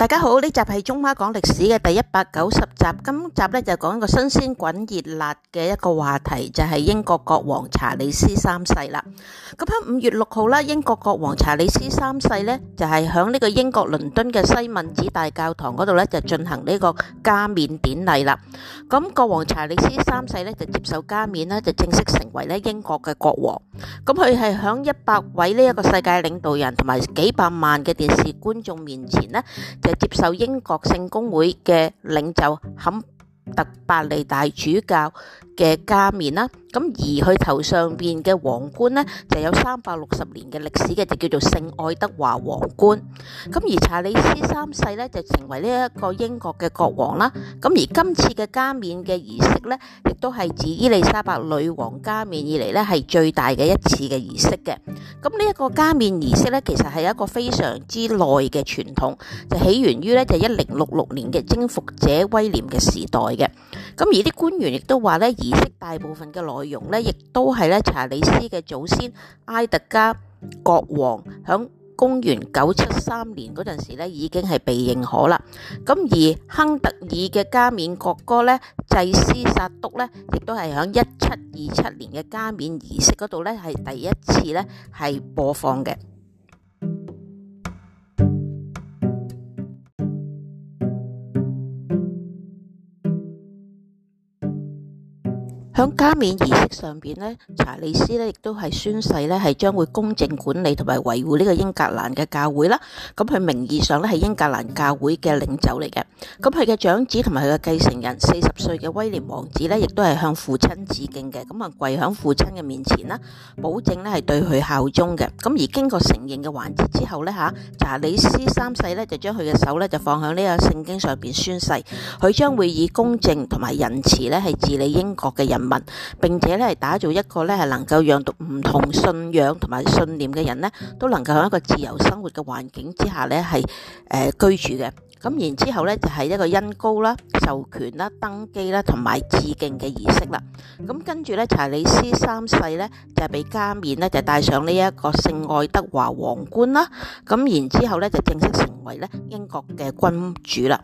大家好，呢集係《中馬講歷史》嘅第一百九十集，今集呢，就講一個新鮮滾熱辣嘅一個話題，就係英國國王查理斯三世啦。咁喺五月六號啦，英國國王查理斯三世呢，就係響呢個英國倫敦嘅西敏寺大教堂嗰度呢，就進行呢個加冕典禮啦。咁國王查理斯三世呢，就接受加冕呢，就正式成為呢英國嘅國王。咁佢係響一百位呢一個世界領導人同埋幾百萬嘅電視觀眾面前呢。接受英國聖公會嘅領袖坎特伯利大主教嘅加冕啦。咁而佢頭上邊嘅皇冠呢，就有三百六十年嘅歷史嘅，就叫做聖愛德華皇冠。咁而查理斯三世呢，就成為呢一個英國嘅國王啦。咁而今次嘅加冕嘅儀式呢，亦都係自伊麗莎白女王加冕以嚟，呢係最大嘅一次嘅儀式嘅。咁呢一個加冕儀式呢，其實係一個非常之耐嘅傳統，就起源於呢就一零六六年嘅征服者威廉嘅時代嘅。咁而啲官員亦都話呢，儀式大部分嘅羅內容呢，亦都係咧查理斯嘅祖先埃特加國王，響公元九七三年嗰陣時呢已經係被認可啦。咁而亨特爾嘅加冕國歌呢，祭司薩督呢，亦都係響一七二七年嘅加冕儀式嗰度呢，係第一次呢係播放嘅。響加冕儀式上邊咧，查理斯咧亦都係宣誓咧，係將會公正管理同埋維護呢個英格蘭嘅教會啦。咁佢名義上咧係英格蘭教會嘅領袖嚟嘅。咁佢嘅長子同埋佢嘅繼承人四十歲嘅威廉王子咧，亦都係向父親致敬嘅。咁啊跪喺父親嘅面前啦，保證咧係對佢效忠嘅。咁而經過承認嘅環節之後咧，吓查理斯三世咧就將佢嘅手咧就放喺呢個聖經上邊宣誓，佢將會以公正同埋仁慈咧係治理英國嘅人。並且咧係打造一個咧係能夠讓到唔同信仰同埋信念嘅人咧，都能夠喺一個自由生活嘅環境之下咧係誒居住嘅。咁然之後咧就係一個恩高啦、授權啦、登基啦同埋致敬嘅儀式啦。咁跟住咧查理斯三世咧就俾加冕咧就戴上呢一個聖愛德華皇冠啦。咁然之後咧就正式成為咧英國嘅君主啦。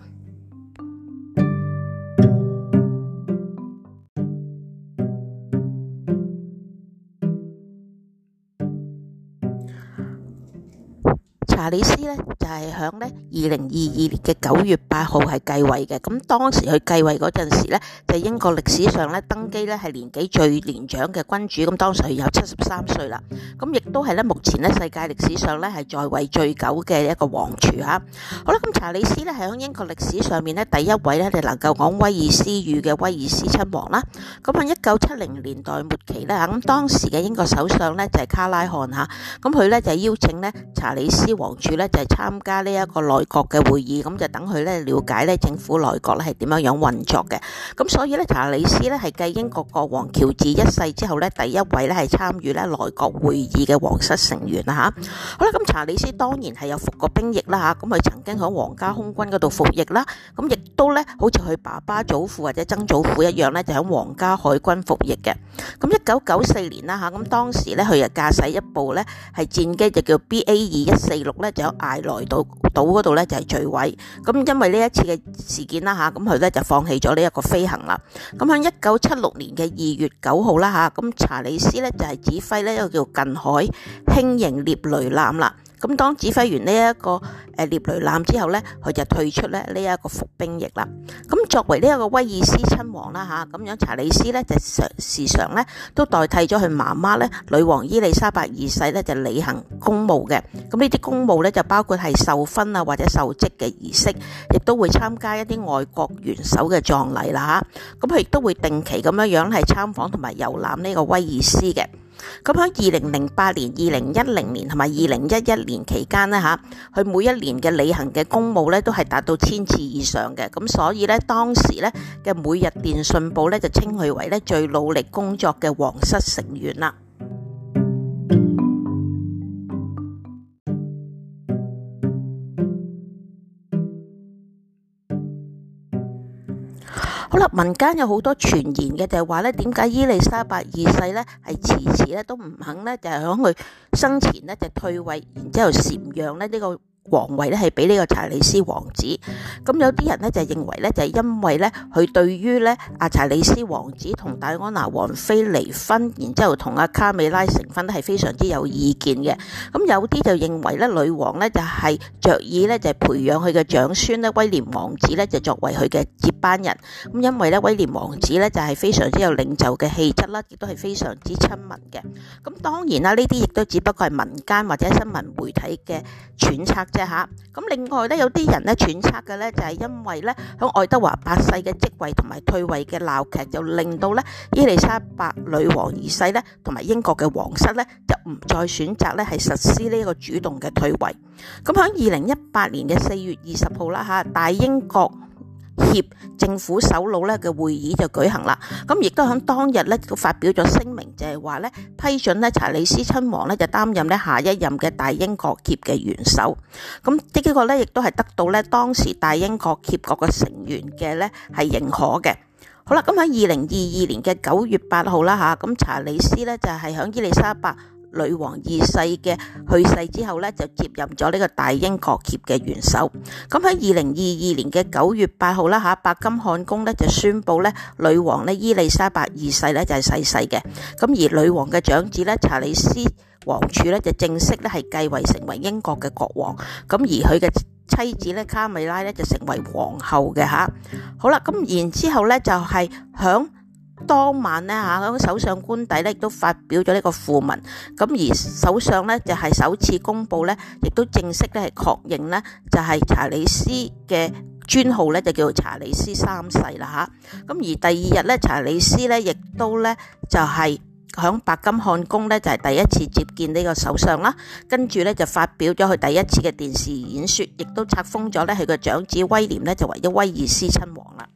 查理斯呢就係響呢二零二二年嘅九月八號係繼位嘅，咁當時佢繼位嗰陣時呢，就係英國歷史上呢登基呢係年紀最年長嘅君主，咁當時佢有七十三歲啦，咁亦都係呢目前呢世界歷史上呢係在位最久嘅一個王儲吓，好啦，咁查理斯呢係響英國歷史上面呢第一位呢就能夠講威爾斯語嘅威爾斯親王啦，咁喺一九七零年代末期呢，咁當時嘅英國首相呢就係卡拉漢吓，咁佢呢就邀請呢查理斯王皇儲咧就係參加呢一個內閣嘅會議，咁就等佢咧了解咧政府內閣咧係點樣樣運作嘅。咁所以咧查理斯咧係繼英國國王喬治一世之後咧第一位咧係參與咧內閣會議嘅皇室成員啦嚇，好啦，咁查理斯當然係有服過兵役啦嚇，咁佢曾經喺皇家空軍嗰度服役啦，咁亦都咧好似佢爸爸祖父或者曾祖父一樣咧，就喺皇家海軍服役嘅。咁一九九四年啦嚇，咁當時咧佢又駕駛一部咧係戰機，就叫 B A 二一四六。咧就艾萊島嗰度咧就係墜毀，咁因為呢一次嘅事件啦嚇，咁佢咧就放棄咗呢一個飛行啦，咁喺一九七六年嘅二月九號啦嚇，咁查理斯咧就係指揮呢一個叫近海輕型獵雷艦啦。咁當指揮完呢一個誒獵雷艦之後咧，佢就退出咧呢一個服兵役啦。咁作為呢一個威爾斯親王啦嚇，咁樣查理斯咧就常時常咧都代替咗佢媽媽咧，女王伊麗莎白二世咧就履行公務嘅。咁呢啲公務咧就包括係授勛啊或者授職嘅儀式，亦都會參加一啲外國元首嘅葬禮啦嚇。咁佢亦都會定期咁樣樣係參訪同埋遊覽呢個威爾斯嘅。咁喺二零零八年，二零一零年同埋二零一一年期間呢，吓佢每一年嘅履行嘅公務呢都係達到千次以上嘅。咁所以呢，當時呢嘅每日電訊報呢就稱佢為呢最努力工作嘅皇室成員啦。民間有好多傳言嘅，就係話咧，點解伊麗莎白二世咧係遲遲都唔肯咧，就係響佢生前就退位，然之後禪讓呢個。皇位咧係俾呢個查理斯王子，咁有啲人呢，就認為呢，就係因為呢，佢對於呢阿查理斯王子同戴安娜王妃離婚，然之後同阿卡米拉成婚咧係非常之有意見嘅，咁有啲就認為呢，女王呢，就係着意呢，就係培養佢嘅長孫呢威廉王子呢，就作為佢嘅接班人，咁因為呢，威廉王子呢，子就係非常之有領袖嘅氣質啦，亦都係非常之親民嘅，咁當然啦，呢啲亦都只不過係民間或者新聞媒體嘅揣測。啫嚇，咁另外咧，有啲人咧揣測嘅咧，就係因為咧，響愛德華八世嘅即位同埋退位嘅鬧劇，就令到咧伊利沙伯女王二世咧，同埋英國嘅皇室咧，就唔再選擇咧係實施呢一個主動嘅退位。咁響二零一八年嘅四月二十號啦嚇，大英國協政府首腦咧嘅會議就舉行啦，咁亦都喺當日咧都發表咗聲明就，就係話咧批准咧查理斯親王咧就擔任咧下一任嘅大英國協嘅元首，咁呢幾個咧亦都係得到咧當時大英國協國嘅成員嘅咧係認可嘅。好啦，咁喺二零二二年嘅九月八號啦吓，咁查理斯咧就係喺伊麗莎白。女王二世嘅去世之後呢，就接任咗呢個大英國協嘅元首。咁喺二零二二年嘅九月八號啦嚇，白金漢宮呢就宣布呢，女王呢，伊麗莎白二世呢就係、是、逝世嘅。咁而女王嘅長子咧，查理斯王儲咧就正式咧係繼位，成為英國嘅國王。咁而佢嘅妻子咧，卡米拉咧就成為皇后嘅吓、啊，好啦，咁然之後咧就係響。當晚咧嚇，首相官邸咧亦都發表咗呢個訃文，咁而首相呢就係首次公布呢，亦都正式咧係確認呢，就係查理斯嘅尊號咧就叫做查理斯三世啦嚇。咁而第二日咧，查理斯咧亦都咧就係喺白金漢宮咧就係第一次接見呢個首相啦，跟住咧就發表咗佢第一次嘅電視演說，亦都冊封咗咧佢個長子威廉咧就為咗威爾斯親王啦。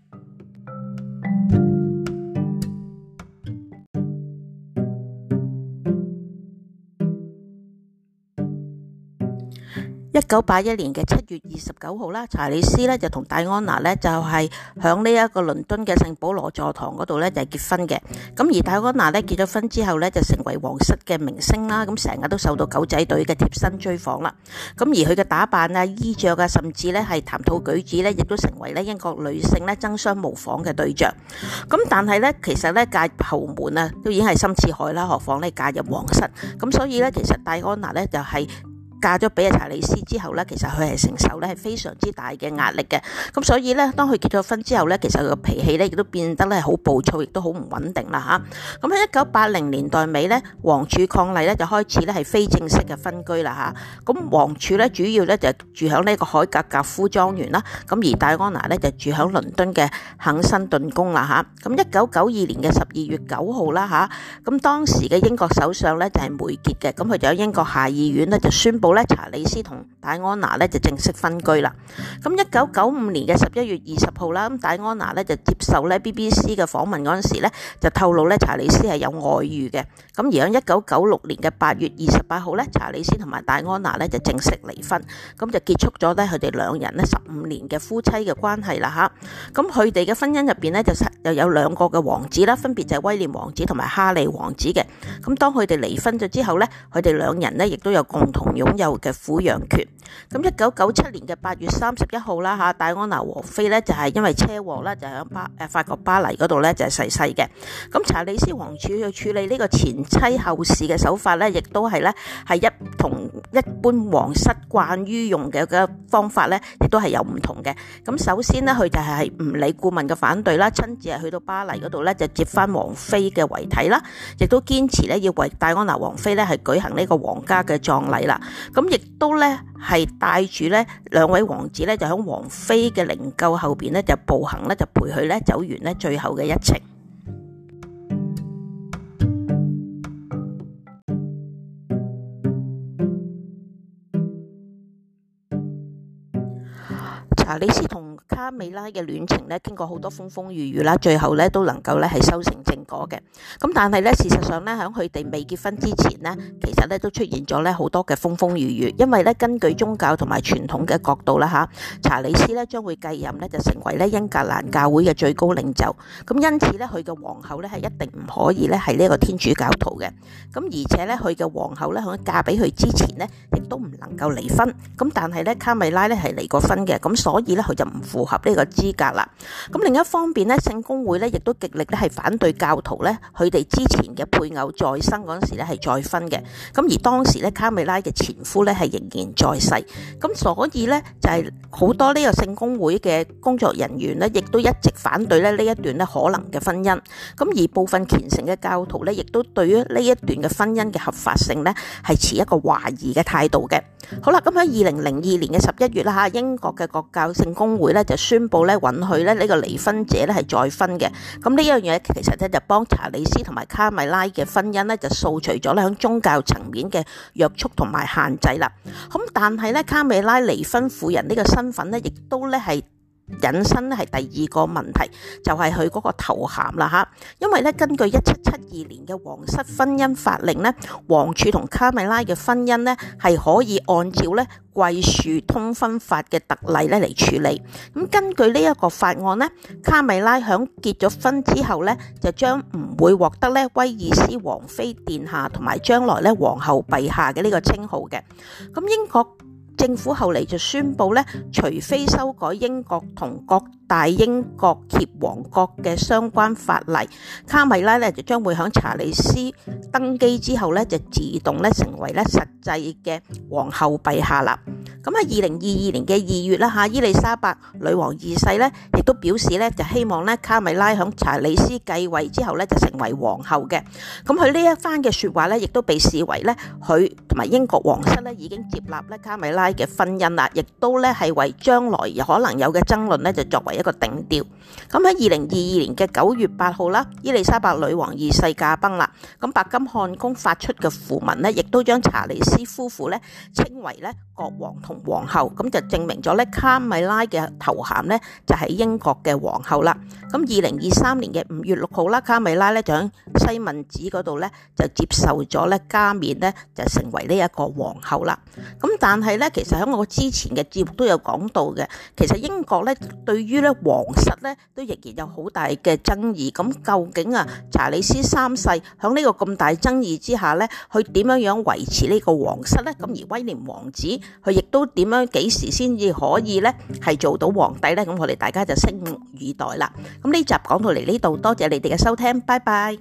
一九八一年嘅七月二十九號啦，查理斯咧就同戴安娜咧就係響呢一個倫敦嘅聖保羅座堂嗰度咧就結婚嘅。咁而戴安娜咧結咗婚之後咧就成為皇室嘅明星啦，咁成日都受到狗仔隊嘅貼身追訪啦。咁而佢嘅打扮啊、衣着啊，甚至咧係談吐舉止咧，亦都成為咧英國女性咧爭相模仿嘅對象。咁但係咧，其實咧嫁入豪門啊都已經係深似海啦，何況咧嫁入皇室。咁所以咧，其實戴安娜咧就係、是。嫁咗俾阿查理斯之後呢，其實佢係承受咧係非常之大嘅壓力嘅。咁所以呢，當佢結咗婚之後呢，其實佢嘅脾氣呢亦都變得咧好暴躁，亦都好唔穩定啦吓，咁喺一九八零年代尾呢，王儲伉儷呢就開始咧係非正式嘅分居啦吓，咁王儲呢主要咧就住喺呢個海格格夫莊園啦。咁而戴安娜呢就住喺倫敦嘅肯辛頓宮啦吓，咁一九九二年嘅十二月九號啦吓，咁當時嘅英國首相呢就係梅傑嘅。咁佢就喺英國下議院呢就宣布。查理斯同戴安娜咧就正式分居啦。咁一九九五年嘅十一月二十號啦，咁戴安娜咧就接受咧 BBC 嘅訪問嗰陣時咧，就透露咧查理斯係有外遇嘅。咁而喺一九九六年嘅八月二十八號咧，查理斯同埋戴安娜咧就正式離婚，咁就結束咗咧佢哋兩人咧十五年嘅夫妻嘅關係啦吓。咁佢哋嘅婚姻入邊咧就又有兩個嘅王子啦，分別就係威廉王子同埋哈利王子嘅。咁當佢哋離婚咗之後咧，佢哋兩人咧亦都有共同擁。有嘅撫養權咁。一九九七年嘅八月三十一號啦嚇，戴安娜王妃咧就係因為車禍啦，就喺巴誒法國巴黎嗰度咧就逝世嘅。咁查理斯王儲去處理呢個前妻後事嘅手法咧，亦都係咧係一同一般皇室慣於用嘅嘅方法咧，亦都係有唔同嘅。咁首先呢，佢就係唔理顧問嘅反對啦，親自去到巴黎嗰度咧就接翻王妃嘅遺體啦，亦都堅持咧要為戴安娜王妃咧係舉行呢個皇家嘅葬禮啦。咁亦都咧，係帶住咧兩位王子咧，就喺王妃嘅靈柩後邊咧，就步行咧，就陪佢咧走完咧最後嘅一程。查理斯同卡米拉嘅戀情咧，經過好多風風雨雨啦，最後咧都能夠咧係收成正果嘅。咁但係咧，事實上咧，響佢哋未結婚之前咧，其實咧都出現咗咧好多嘅風風雨雨。因為咧，根據宗教同埋傳統嘅角度啦，吓查理斯咧將會繼任咧就成為咧英格蘭教會嘅最高領袖。咁因此咧，佢嘅皇后咧係一定唔可以咧係呢一個天主教徒嘅。咁而且咧，佢嘅皇后咧響嫁俾佢之前咧亦都唔能夠離婚。咁但係咧，卡米拉咧係離過婚嘅。咁所以咧，佢就唔符合呢個資格啦。咁另一方面咧，聖公會咧亦都極力咧係反對教徒咧，佢哋之前嘅配偶再生嗰陣時咧係再婚嘅。咁而當時咧，卡米拉嘅前夫咧係仍然在世。咁所以咧，就係好多呢個聖公會嘅工作人員咧，亦都一直反對咧呢一段咧可能嘅婚姻。咁而部分虔誠嘅教徒咧，亦都對於呢一段嘅婚姻嘅合法性咧，係持一個懷疑嘅態度嘅。好啦，咁喺二零零二年嘅十一月啦嚇，英國嘅國教聖公會咧，就宣布咧，允許咧，呢個離婚者咧係再婚嘅。咁呢樣嘢其實咧，就幫查理斯同埋卡米拉嘅婚姻咧，就掃除咗咧喺宗教層面嘅約束同埋限制啦。咁但係咧，卡米拉離婚婦人呢個身份咧，亦都咧係。引申咧係第二個問題，就係佢嗰個頭銜啦嚇。因為咧根據一七七二年嘅皇室婚姻法令呢，王儲同卡米拉嘅婚姻呢係可以按照咧貴賤通婚法嘅特例咧嚟處理。咁根據呢一個法案呢，卡米拉響結咗婚之後呢，就將唔會獲得咧威爾斯王妃殿下同埋將來咧皇后陛下嘅呢個稱號嘅。咁英國，政府後嚟就宣布咧，除非修改英國同國大英國協王國嘅相關法例，卡米拉咧就將會喺查理斯登基之後咧就自動咧成為咧實際嘅皇后陛下啦。咁喺二零二二年嘅二月啦嚇，伊麗莎白女王二世咧亦都表示咧就希望咧卡米拉喺查理斯繼位之後咧就成為皇后嘅。咁佢呢一番嘅説話咧，亦都被視為咧佢同埋英國皇室咧已經接納咧卡米拉嘅婚姻啦，亦都咧係為將來可能有嘅爭論咧就作為。一個頂掉，咁喺二零二二年嘅九月八號啦，伊麗莎白女王二世駕崩啦，咁白金漢宮發出嘅符文呢，亦都將查理斯夫婦呢稱為咧國王同皇后，咁就證明咗咧卡米拉嘅頭銜呢，就係英國嘅皇后啦。咁二零二三年嘅五月六號啦，卡米拉咧就喺西敏寺嗰度呢，就接受咗咧加冕呢，就成為呢一個皇后啦。咁但係呢，其實喺我之前嘅節目都有講到嘅，其實英國咧對於咧。皇室咧都仍然有好大嘅爭議，咁究竟啊查理斯三世喺呢個咁大爭議之下咧，佢點樣樣維持呢個皇室咧？咁而威廉王子佢亦都點樣幾時先至可以咧係做到皇帝咧？咁我哋大家就拭目以待啦。咁呢集講到嚟呢度，多謝你哋嘅收聽，拜拜。